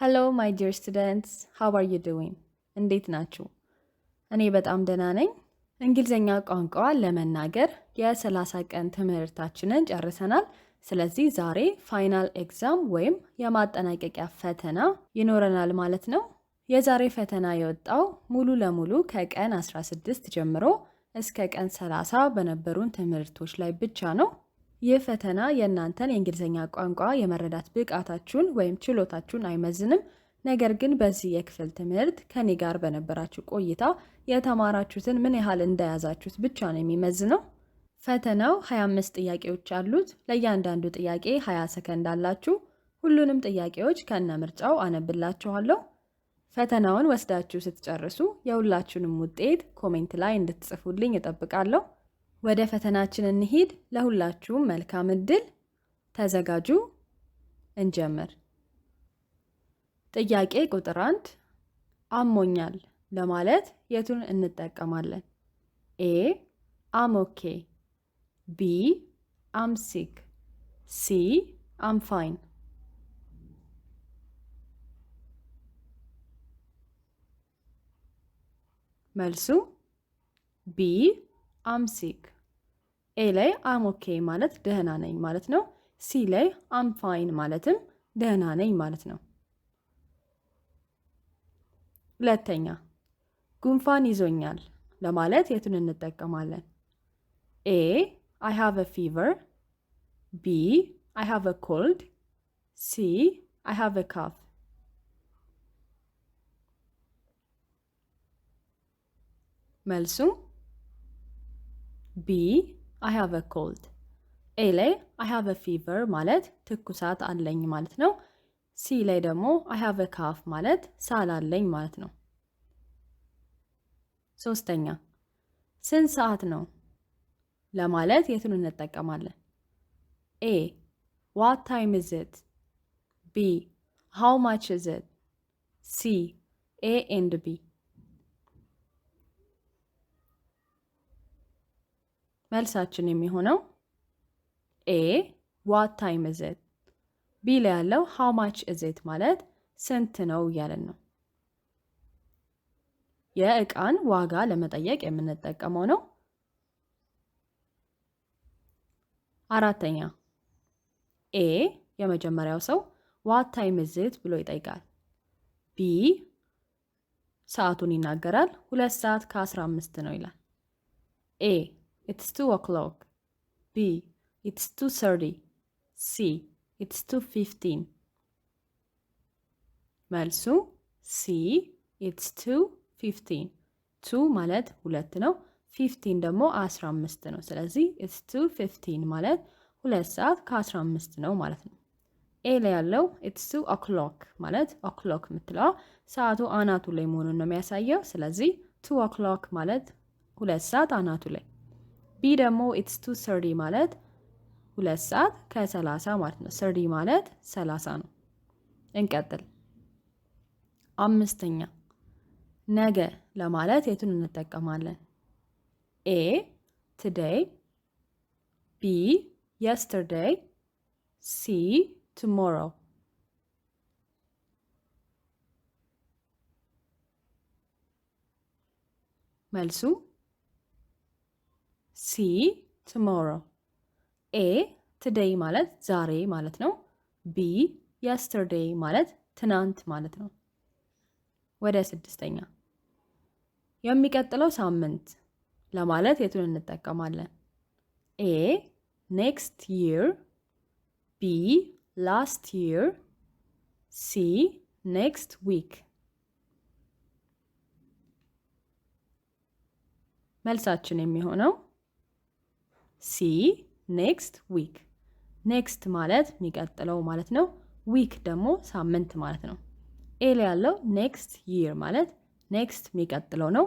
ሄሎ ማይ ዲር ስቱደንትስ ሃው አር ዩ ዱዊንግ? እንዴት ናችሁ? እኔ በጣም ደህና ነኝ። እንግሊዝኛ ቋንቋ ለመናገር የሰላሳ ቀን ትምህርታችንን ጨርሰናል። ስለዚህ ዛሬ ፋይናል ኤግዛም ወይም የማጠናቀቂያ ፈተና ይኖረናል ማለት ነው። የዛሬ ፈተና የወጣው ሙሉ ለሙሉ ከቀን 16 ጀምሮ እስከ ቀን 30 በነበሩን ትምህርቶች ላይ ብቻ ነው። ይህ ፈተና የእናንተን የእንግሊዝኛ ቋንቋ የመረዳት ብቃታችሁን ወይም ችሎታችሁን አይመዝንም። ነገር ግን በዚህ የክፍል ትምህርት ከኔ ጋር በነበራችሁ ቆይታ የተማራችሁትን ምን ያህል እንደያዛችሁት ብቻ ነው የሚመዝነው። ፈተናው 25 ጥያቄዎች አሉት። ለእያንዳንዱ ጥያቄ 20 ሰከንድ አላችሁ። ሁሉንም ጥያቄዎች ከነ ምርጫው አነብላችኋለሁ። ፈተናውን ወስዳችሁ ስትጨርሱ የሁላችሁንም ውጤት ኮሜንት ላይ እንድትጽፉልኝ እጠብቃለሁ። ወደ ፈተናችን እንሂድ። ለሁላችሁም መልካም እድል። ተዘጋጁ፣ እንጀምር። ጥያቄ ቁጥር አንድ አሞኛል ለማለት የቱን እንጠቀማለን? ኤ አሞኬ፣ ቢ አምሲክ፣ ሲ አምፋይን። መልሱ ቢ አምሲክ ኤ ላይ አም ኦኬ ማለት ደህና ነኝ ማለት ነው። ሲ ላይ አም ፋይን ማለትም ደህና ነኝ ማለት ነው። ሁለተኛ ጉንፋን ይዞኛል ለማለት የቱን እንጠቀማለን? ኤ አይ ሃቭ አ ፊቨር፣ ቢ አይ ሃቭ አ ኮልድ፣ ሲ አይ ሃቭ አ ካፍ። መልሱ ቢ አይ ሃቭ ኮልድ። ኤ ላይ አይ ሃቭ ፊቨር ማለት ትኩሳት አለኝ ማለት ነው። ሲ ላይ ደግሞ አይ ሃቭ ካፍ ማለት ሳል አለኝ ማለት ነው። ሶስተኛ ስንት ሰዓት ነው ለማለት የቱን እንጠቀማለን? ኤ ዋት ታይም ኢዝ ኢት፣ ቢ ሃው ማች ኢዝ ኢት፣ ሲ ኤ ኤንድ ቢ መልሳችን የሚሆነው ኤ ዋት ታይም እዘት፣ ቢ ላይ ያለው ሃው ማች እዘት ማለት ስንት ነው እያለን ነው። የእቃን ዋጋ ለመጠየቅ የምንጠቀመው ነው። አራተኛ ኤ የመጀመሪያው ሰው ዋት ታይም እዝት ብሎ ይጠይቃል። ቢ ሰዓቱን ይናገራል። ሁለት ሰዓት ከአስራ አምስት ነው ይላል ኤ It's two o'clock. B. It's two thirty. C. It's two fifteen። መልሱ ሲ it's two ፊፍቲን። two ማለት ሁለት ነው። ፊፍቲን ደግሞ አስራ አምስት ነው። ስለዚህ ኢትስ ቱ ፊፍቲን ማለት ሁለት ሰዓት ከአስራ አምስት ነው ማለት ነው። ኤ ላይ ያለው ኢትስ ቱ ኦክሎክ ማለት ኦክሎክ የምትለዋ ሰዓቱ አናቱ ላይ መሆኑን ነው የሚያሳየው። ስለዚህ ቱ ኦክሎክ ማለት ሁለት ሰዓት አናቱ ላይ ቢ ደግሞ ኢትስ ቱ ሰርዲ ማለት ሁለት ሰዓት ከሰላሳ ማለት ነው። ሰርዲ ማለት ሰላሳ ነው። እንቀጥል። አምስተኛ ነገ ለማለት የቱን እንጠቀማለን? ኤ ቱዴይ፣ ቢ የስተርዴይ፣ ሲ ቱሞሮ። መልሱ ሲ ቱሞሮ። ኤ ቱዴይ ማለት ዛሬ ማለት ነው። ቢ የስተርዴይ ማለት ትናንት ማለት ነው። ወደ ስድስተኛ የሚቀጥለው ሳምንት ለማለት የቱን እንጠቀማለን? ኤ ኔክስት ይር፣ ቢ ላስት ይር፣ ሲ ኔክስት ዊክ። መልሳችን የሚሆነው ሲ ኔክስት ዊክ። ኔክስት ማለት የሚቀጥለው ማለት ነው። ዊክ ደግሞ ሳምንት ማለት ነው። ኤል ያለው ኔክስት ይር ማለት ኔክስት የሚቀጥለው ነው።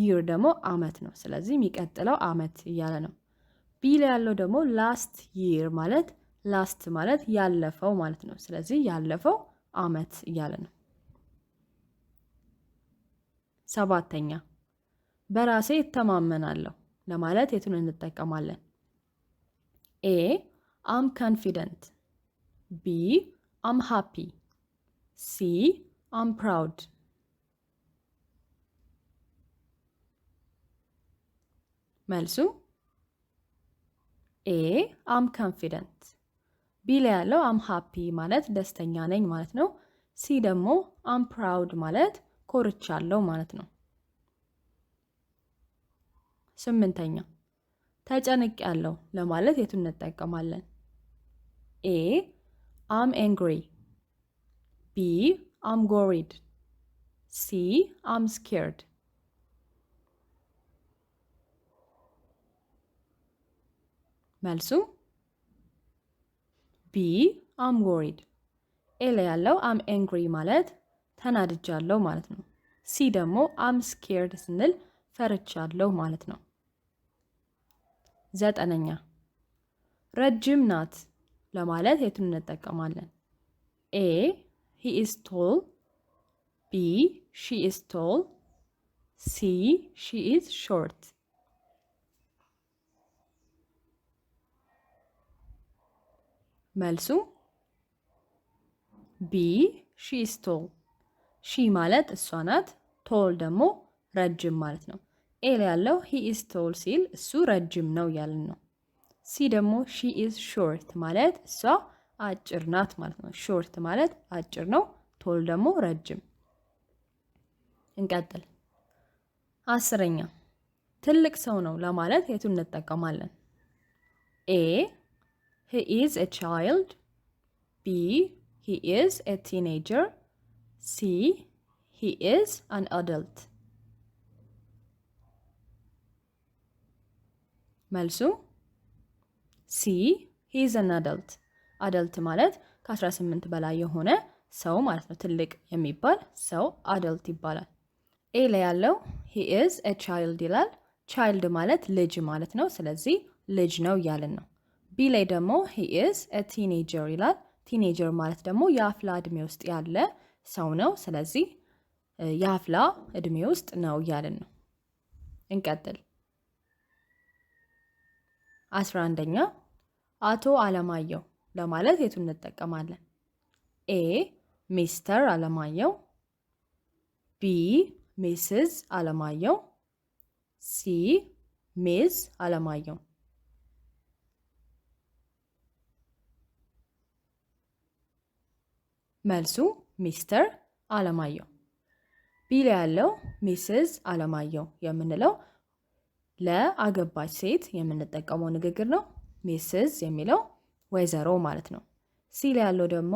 ይር ደግሞ አመት ነው። ስለዚህ የሚቀጥለው አመት እያለ ነው። ቢል ያለው ደግሞ ላስት ይር ማለት ላስት ማለት ያለፈው ማለት ነው። ስለዚህ ያለፈው አመት እያለ ነው። ሰባተኛ በራሴ እተማመናለሁ ለማለት የቱን እንጠቀማለን? ኤ አም ኮንፊደንት፣ ቢ አም ሃፒ፣ ሲ አም ፕራውድ። መልሱ ኤ አም ኮንፊደንት። ቢ ላይ ያለው አም ሃፒ ማለት ደስተኛ ነኝ ማለት ነው። ሲ ደግሞ አም ፕራውድ ማለት ኮርቻለሁ ማለት ነው። ስምንተኛ ተጨንቅ ያለው ለማለት የቱን እንጠቀማለን? ኤ አም ኤንግሪ፣ ቢ አም ጎሪድ፣ ሲ አም ስኬርድ። መልሱ ቢ አም ጎሪድ። ኤ ላይ ያለው አም ኤንግሪ ማለት ተናድጃለሁ ማለት ነው። ሲ ደግሞ አም ስኬርድ ስንል ፈርቻለሁ ማለት ነው። ዘጠነኛ ረጅም ናት ለማለት የቱን እንጠቀማለን? ኤ ሂ ኢዝ ቶል፣ ቢ ሺ ኢዝ ቶል፣ ሲ ሺ ሾርት። መልሱ ቢ ሺ ቶል። ሺ ማለት እሷ ናት፣ ቶል ደግሞ ረጅም ማለት ነው። ኤል ያለው ሂ ኢዝ ቶል ሲል እሱ ረጅም ነው እያልን ነው። ሲ ደግሞ ሺ ኢዝ ሾርት ማለት እሷ አጭር ናት ማለት ነው። ሾርት ማለት አጭር ነው፣ ቶል ደግሞ ረጅም። እንቀጥል። አስረኛ ትልቅ ሰው ነው ለማለት የቱን እንጠቀማለን? ኤ ሂ ኢዝ ኤ ቻይልድ፣ ቢ ሂ ኢዝ ኤ ቲኔጀር፣ ሲ ሂ ኢዝ አን አደልት መልሱ ሲ ሂዝ አን አደልት። አደልት ማለት ከ18 በላይ የሆነ ሰው ማለት ነው። ትልቅ የሚባል ሰው አደልት ይባላል። ኤ ላይ ያለው ሂ ኢዝ አ ቻይልድ ይላል። ቻይልድ ማለት ልጅ ማለት ነው። ስለዚህ ልጅ ነው እያልን ነው። ቢ ላይ ደግሞ ሂ ኢዝ አ ቲኔጀር ይላል። ቲኔጀር ማለት ደግሞ የአፍላ እድሜ ውስጥ ያለ ሰው ነው። ስለዚህ የአፍላ እድሜ ውስጥ ነው እያልን ነው። እንቀጥል። አስራ አንደኛ አቶ አለማየሁ ለማለት የቱን እንጠቀማለን? ኤ ሚስተር አለማየሁ፣ ቢ ሚስዝ አለማየሁ፣ ሲ ሚዝ አለማየሁ። መልሱ ሚስተር አለማየሁ። ቢ ላይ ያለው ሚስዝ አለማየሁ የምንለው ለአገባች ሴት የምንጠቀመው ንግግር ነው። ሚስዝ የሚለው ወይዘሮ ማለት ነው። ሲል ያለው ደግሞ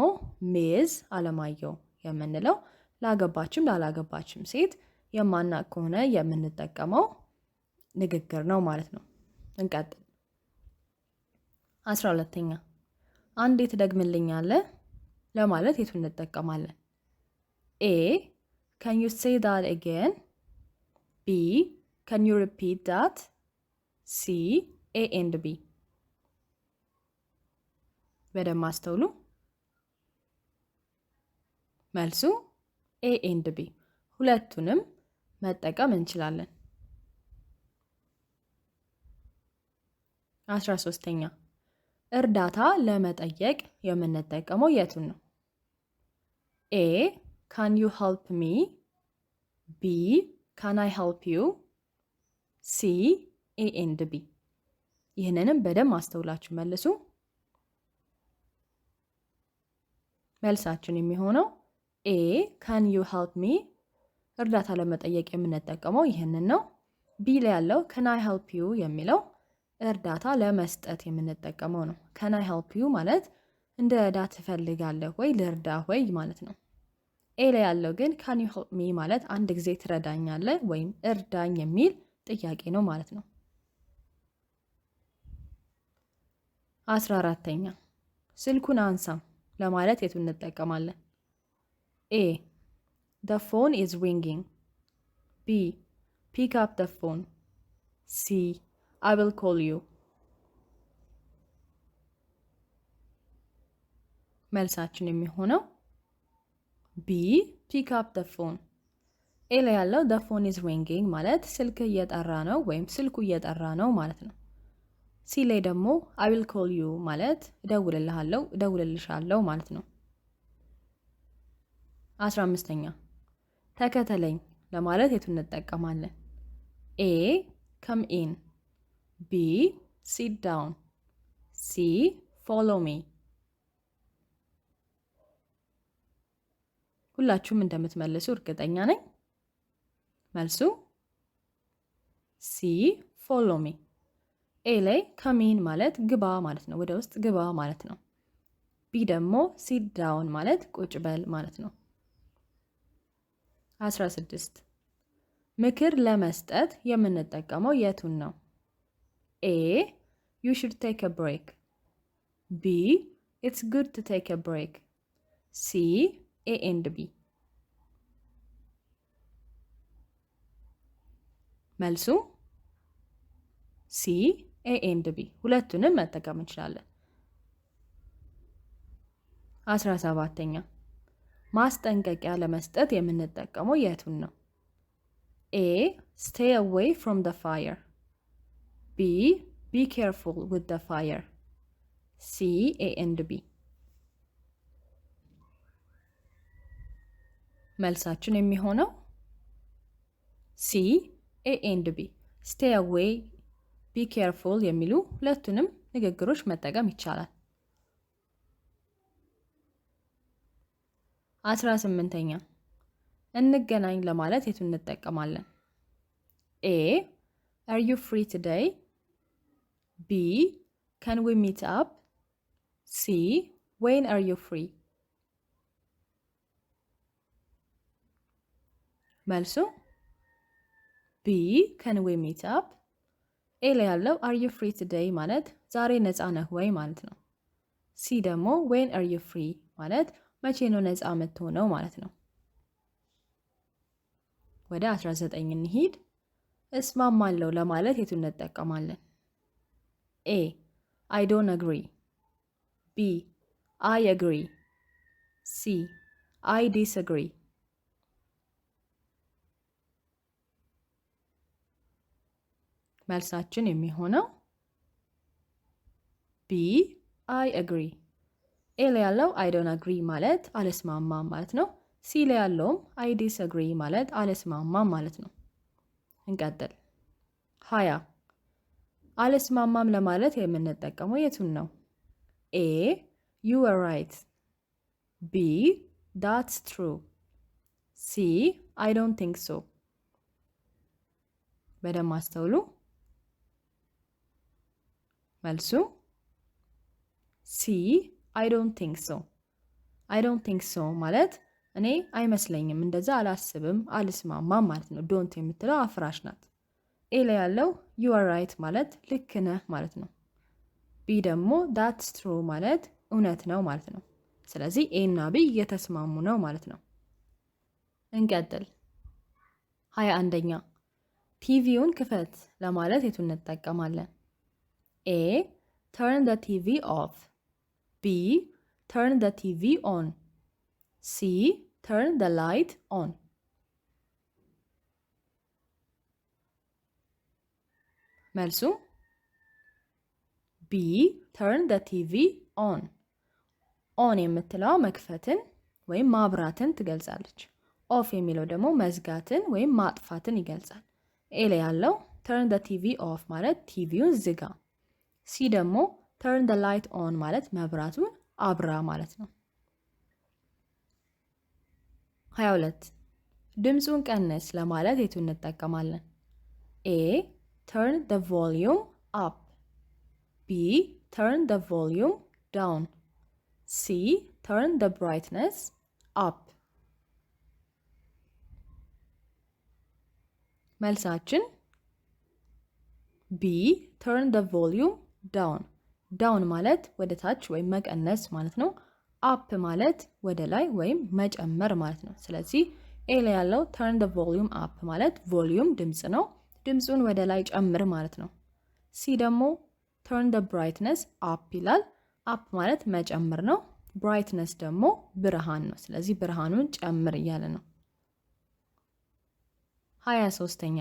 ሚዝ አለማየሁ የምንለው ላገባችም ላላገባችም ሴት የማናቅ ከሆነ የምንጠቀመው ንግግር ነው ማለት ነው። እንቀጥል። አስራ ሁለተኛ አንዴ ትደግምልኛለህ ለማለት የቱ እንጠቀማለን? ኤ ከን ዩ ሴ ዛት አጌን ቢ Can you repeat that? C, A and B. በደንብ አስተውሉ። መልሱ ኤ ኤንድ ቢ ሁለቱንም መጠቀም እንችላለን። አስራ ሶስተኛ እርዳታ ለመጠየቅ የምንጠቀመው የቱን ነው? ኤ ካን ዩ ሄልፕ ሚ፣ ቢ ካን አይ ሄልፕ ዩ ሲ ኤ ኤንድ ቢ። ይህንንም በደንብ አስተውላችሁ መልሱ። መልሳችን የሚሆነው ኤ ካን ዩ ሄልፕ ሚ፣ እርዳታ ለመጠየቅ የምንጠቀመው ይህንን ነው። ቢ ላይ ያለው ከናይ ሄልፕ ዩ የሚለው እርዳታ ለመስጠት የምንጠቀመው ነው። ከናይ ሄልፕ ዩ ማለት እንደ እዳ ትፈልጋለህ ወይ ልርዳ ወይ ማለት ነው። ኤ ላይ ያለው ግን ካን ዩ ሄልፕ ሚ ማለት አንድ ጊዜ ትረዳኛለህ ወይም እርዳኝ የሚል ጥያቄ ነው ማለት ነው። አስራ አራተኛ ስልኩን አንሳ ለማለት የቱ እንጠቀማለን? ኤ ደ ፎን ኢዝ ሪንጊንግ፣ ቢ ፒክ አፕ ደ ፎን፣ ሲ አይ ዊል ኮል ዩ። መልሳችን የሚሆነው ቢ ፒክ አፕ ደ ፎን። ኤ ላይ ያለው ደ ፎን ኢዝ ሪንጊንግ ማለት ስልክ እየጠራ ነው ወይም ስልኩ እየጠራ ነው ማለት ነው። ሲ ላይ ደግሞ አይ ዊል ኮል ዩ ማለት እደውልልሃለሁ፣ እደውልልሻለሁ ማለት ነው። አስራ አምስተኛ ተከተለኝ ለማለት የቱ እንጠቀማለን? ኤ ከም ኢን፣ ቢ ሲት ዳውን፣ ሲ ፎሎ ሚ። ሁላችሁም እንደምትመልሱ እርግጠኛ ነኝ። መልሱ ሲ ፎሎ ሚ። ኤ ላይ ከሚን ማለት ግባ ማለት ነው፣ ወደ ውስጥ ግባ ማለት ነው። ቢ ደግሞ ሲት ዳውን ማለት ቁጭ በል ማለት ነው። 16 ምክር ለመስጠት የምንጠቀመው የቱን ነው? ኤ ዩ ሹድ ቴክ አ ብሬክ፣ ቢ ኢትስ ጉድ ቱ ቴክ አ ብሬክ፣ ሲ ኤ ኤንድ ቢ መልሱ ሲ ኤ ኤንድ ቢ ሁለቱንም መጠቀም እንችላለን። አስራ ሰባተኛ ማስጠንቀቂያ ለመስጠት የምንጠቀመው የቱን ነው? ኤ ስቴ አዌይ ፍሮም ደ ፋየር፣ ቢ ቢ ኬርፉል ዊዝ ደ ፋየር፣ ሲ ኤ ኤንድ ቢ። መልሳችን የሚሆነው ሲ ኤ ኤንድ ቢ፣ ስቴይ አዌይ፣ ቢ ኬርፉል የሚሉ ሁለቱንም ንግግሮች መጠቀም ይቻላል። አስራ ስምንተኛ እንገናኝ ለማለት የቱን እንጠቀማለን? ኤ አር ዩ ፍሪ ቱዴይ፣ ቢ ከን ዊ ሚት አፕ፣ ሲ ዌን አር ዩ ፍሪ። መልሱ ቢ ከን ዊ ሚት አፕ። ኤ ላይ ያለው አር ዩ ፍሪ ቱዴይ ማለት ዛሬ ነፃ ነህ ወይ ማለት ነው። ሲ ደግሞ ዌን አር ዩ ፍሪ ማለት መቼ ነው ነፃ የምትሆነው ማለት ነው። ወደ 19 እንሂድ። እስማማለሁ ለማለት የቱን እንጠቀማለን? ኤ አይ ዶን አግሪ፣ ቢ አይ አግሪ፣ ሲ አይ ዲስአግሪ መልሳችን የሚሆነው ቢ አይ አግሪ። ኤ ላይ ያለው አይ ዶን አግሪ ማለት አልስማማም ማለት ነው። ሲ ላይ ያለውም አይ ዲስ አግሪ ማለት አለስማማም ማለት ነው። እንቀጥል። ሀያ አለስማማም ለማለት የምንጠቀመው የቱን ነው? ኤ ዩ አር ራይት፣ ቢ ዳትስ ትሩ፣ ሲ አይ ዶንት ቲንክ ሶ። በደንብ አስተውሉ። መልሱ ሲ አይ ዶንት ቲንክ ሶ። አይ ዶንት ቲንክ ሶ ማለት እኔ አይመስለኝም፣ እንደዛ አላስብም፣ አልስማማም ማለት ነው። ዶንት የምትለው አፍራሽ ናት። ኤ ላይ ያለው ዩ አር ራይት ማለት ልክ ነህ ማለት ነው። ቢ ደግሞ ዳትስ ትሩ ማለት እውነት ነው ማለት ነው። ስለዚህ ኤ እና ቢ እየተስማሙ ነው ማለት ነው። እንቀጥል። ሀያ አንደኛ ቲቪውን ክፈት ለማለት የቱን እንጠቀማለን? ኤ ተርን ዘ ቲቪ ኦፍ ቢ ተርን ዘ ቲቪ ኦን ሲ ተርን ዘ ላይት ኦን መልሱ ቢ ተርን ዘ ቲቪ ኦን ኦን የምትለዋ መክፈትን ወይም ማብራትን ትገልጻለች። ኦፍ የሚለው ደግሞ መዝጋትን ወይም ማጥፋትን ይገልጻል። ኤ ላይ ያለው ተርን ደ ቲቪ ኦፍ ማለት ቲቪውን ዝጋ። ሲ ደግሞ ተርን ደ ላይት ኦን ማለት መብራቱን አብራ ማለት ነው። 22 ድምፁን ቀንስ ለማለት የቱ እንጠቀማለን? ኤ ተርን ደ ቮሊዩም አፕ፣ ቢ ተርን ደ ቮሊዩም ዳውን፣ ሲ ተርን ደ ብራይትነስ አፕ። መልሳችን ቢ ተርን ደ ቮሊዩም ዳውን ዳውን ማለት ወደ ታች ወይም መቀነስ ማለት ነው። አፕ ማለት ወደ ላይ ወይም መጨመር ማለት ነው። ስለዚህ ኤ ላይ ያለው ተርን ደ ቮሊዩም አፕ ማለት ቮሊዩም ድምፅ ነው። ድምፁን ወደ ላይ ጨምር ማለት ነው። ሲ ደግሞ ተርን ደ ብራይትነስ አፕ ይላል። አፕ ማለት መጨመር ነው። ብራይትነስ ደግሞ ብርሃን ነው። ስለዚህ ብርሃኑን ጨምር እያለ ነው። ሀያ ሶስተኛ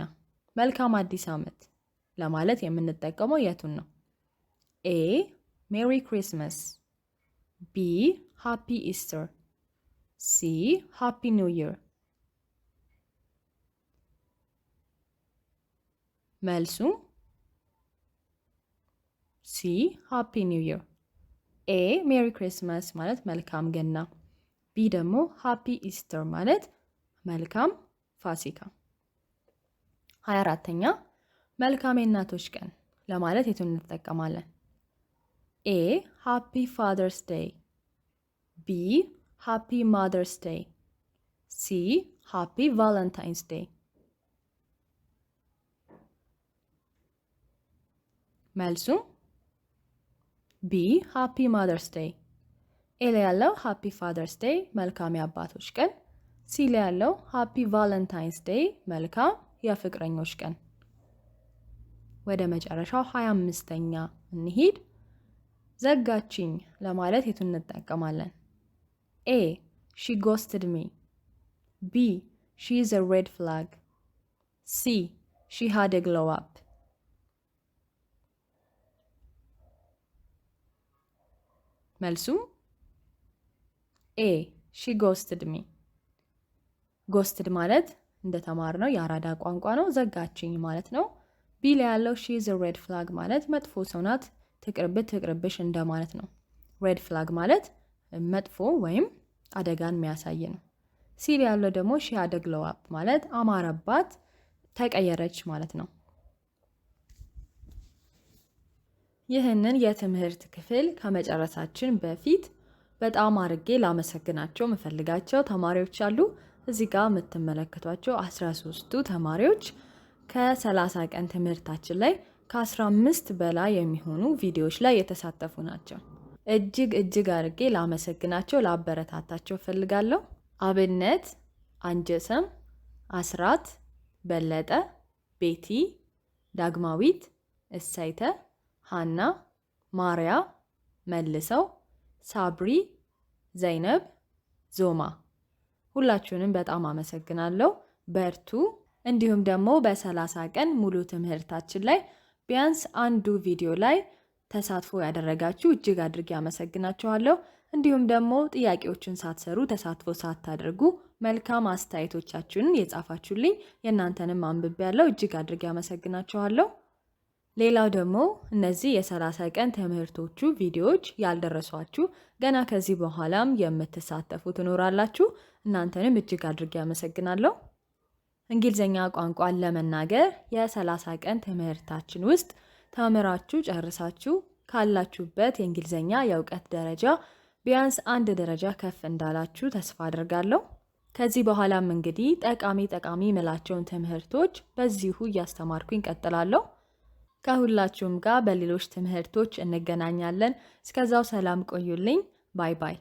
መልካም አዲስ ዓመት ለማለት የምንጠቀመው የቱን ነው? ኤ ሜሪ ክሪስመስ ቢ ሃፒ ኢስተር፣ ሲ ሃፒ ኒው ይር። መልሱ ሲ ሃፒ ኒው ይር። ኤ ሜሪ ክሪስመስ ማለት መልካም ገና፣ ቢ ደግሞ ሃፒ ኢስተር ማለት መልካም ፋሲካ። ሀያ አራተኛ መልካም የእናቶች ቀን ለማለት የቱን እንጠቀማለን? ኤ ሃፒ ፋዘርስ ዴይ፣ ቢ ሃፒ ማዘርስ ዴይ፣ ሲ ሃፒ ቫለንታይንስ ዴይ። መልሱ ቢ ሃፒ ማዘርስ ዴይ። ኤ ላይ ያለው ሃፒ ፋዘርስ ዴይ መልካም የአባቶች ቀን፣ ሲ ላይ ያለው ሃፒ ቫለንታይንስ ዴይ መልካም የፍቅረኞች ቀን። ወደ መጨረሻው ሀያ አምስተኛ እንሂድ። ዘጋችኝ ለማለት የቱን እንጠቀማለን? ኤ ሺ ጎስትድ ሚ፣ ቢ ሺ ኢዝ አ ሬድ ፍላግ፣ ሲ ሺ ሃድ ኤ ግሎው አፕ። መልሱ ኤ ሺ ጎስትድ ሚ። ጎስትድ ማለት እንደተማር ነው የአራዳ ቋንቋ ነው ዘጋችኝ ማለት ነው። ቢ ላይ ያለው ሺ ኢዝ ሬድ ፍላግ ማለት መጥፎ ሰው ናት ትቅርብት ትቅርብሽ እንደማለት ነው። ሬድ ፍላግ ማለት መጥፎ ወይም አደጋን የሚያሳይ ነው። ሲል ያለው ደግሞ ሺ አደግለዋብ ማለት አማረባት፣ ተቀየረች ማለት ነው። ይህንን የትምህርት ክፍል ከመጨረሳችን በፊት በጣም አርጌ ላመሰግናቸው የምፈልጋቸው ተማሪዎች አሉ። እዚህ ጋር የምትመለከቷቸው 13ቱ ተማሪዎች ከ30 ቀን ትምህርታችን ላይ ከ15 በላይ የሚሆኑ ቪዲዮዎች ላይ የተሳተፉ ናቸው። እጅግ እጅግ አድርጌ ላመሰግናቸው፣ ላበረታታቸው እፈልጋለሁ። አብነት አንጀሰም፣ አስራት በለጠ፣ ቤቲ፣ ዳግማዊት፣ እሳይተ፣ ሃና፣ ማርያ፣ መልሰው፣ ሳብሪ፣ ዘይነብ፣ ዞማ ሁላችሁንም በጣም አመሰግናለሁ። በርቱ። እንዲሁም ደግሞ በሰላሳ ቀን ሙሉ ትምህርታችን ላይ ቢያንስ አንዱ ቪዲዮ ላይ ተሳትፎ ያደረጋችሁ እጅግ አድርጌ አመሰግናችኋለሁ። እንዲሁም ደግሞ ጥያቄዎችን ሳትሰሩ ተሳትፎ ሳታደርጉ መልካም አስተያየቶቻችሁን የጻፋችሁልኝ የእናንተንም አንብቤ ያለው እጅግ አድርጌ አመሰግናችኋለሁ። ሌላው ደግሞ እነዚህ የሰላሳ ቀን ትምህርቶቹ ቪዲዮዎች ያልደረሷችሁ ገና ከዚህ በኋላም የምትሳተፉ ትኖራላችሁ። እናንተንም እጅግ አድርጌ አመሰግናለሁ። እንግሊዝኛ ቋንቋን ለመናገር የ30 ቀን ትምህርታችን ውስጥ ተምራችሁ ጨርሳችሁ ካላችሁበት የእንግሊዝኛ የእውቀት ደረጃ ቢያንስ አንድ ደረጃ ከፍ እንዳላችሁ ተስፋ አድርጋለሁ። ከዚህ በኋላም እንግዲህ ጠቃሚ ጠቃሚ ምላቸውን ትምህርቶች በዚሁ እያስተማርኩ ይቀጥላለሁ። ከሁላችሁም ጋር በሌሎች ትምህርቶች እንገናኛለን። እስከዛው ሰላም ቆዩልኝ። ባይ ባይ።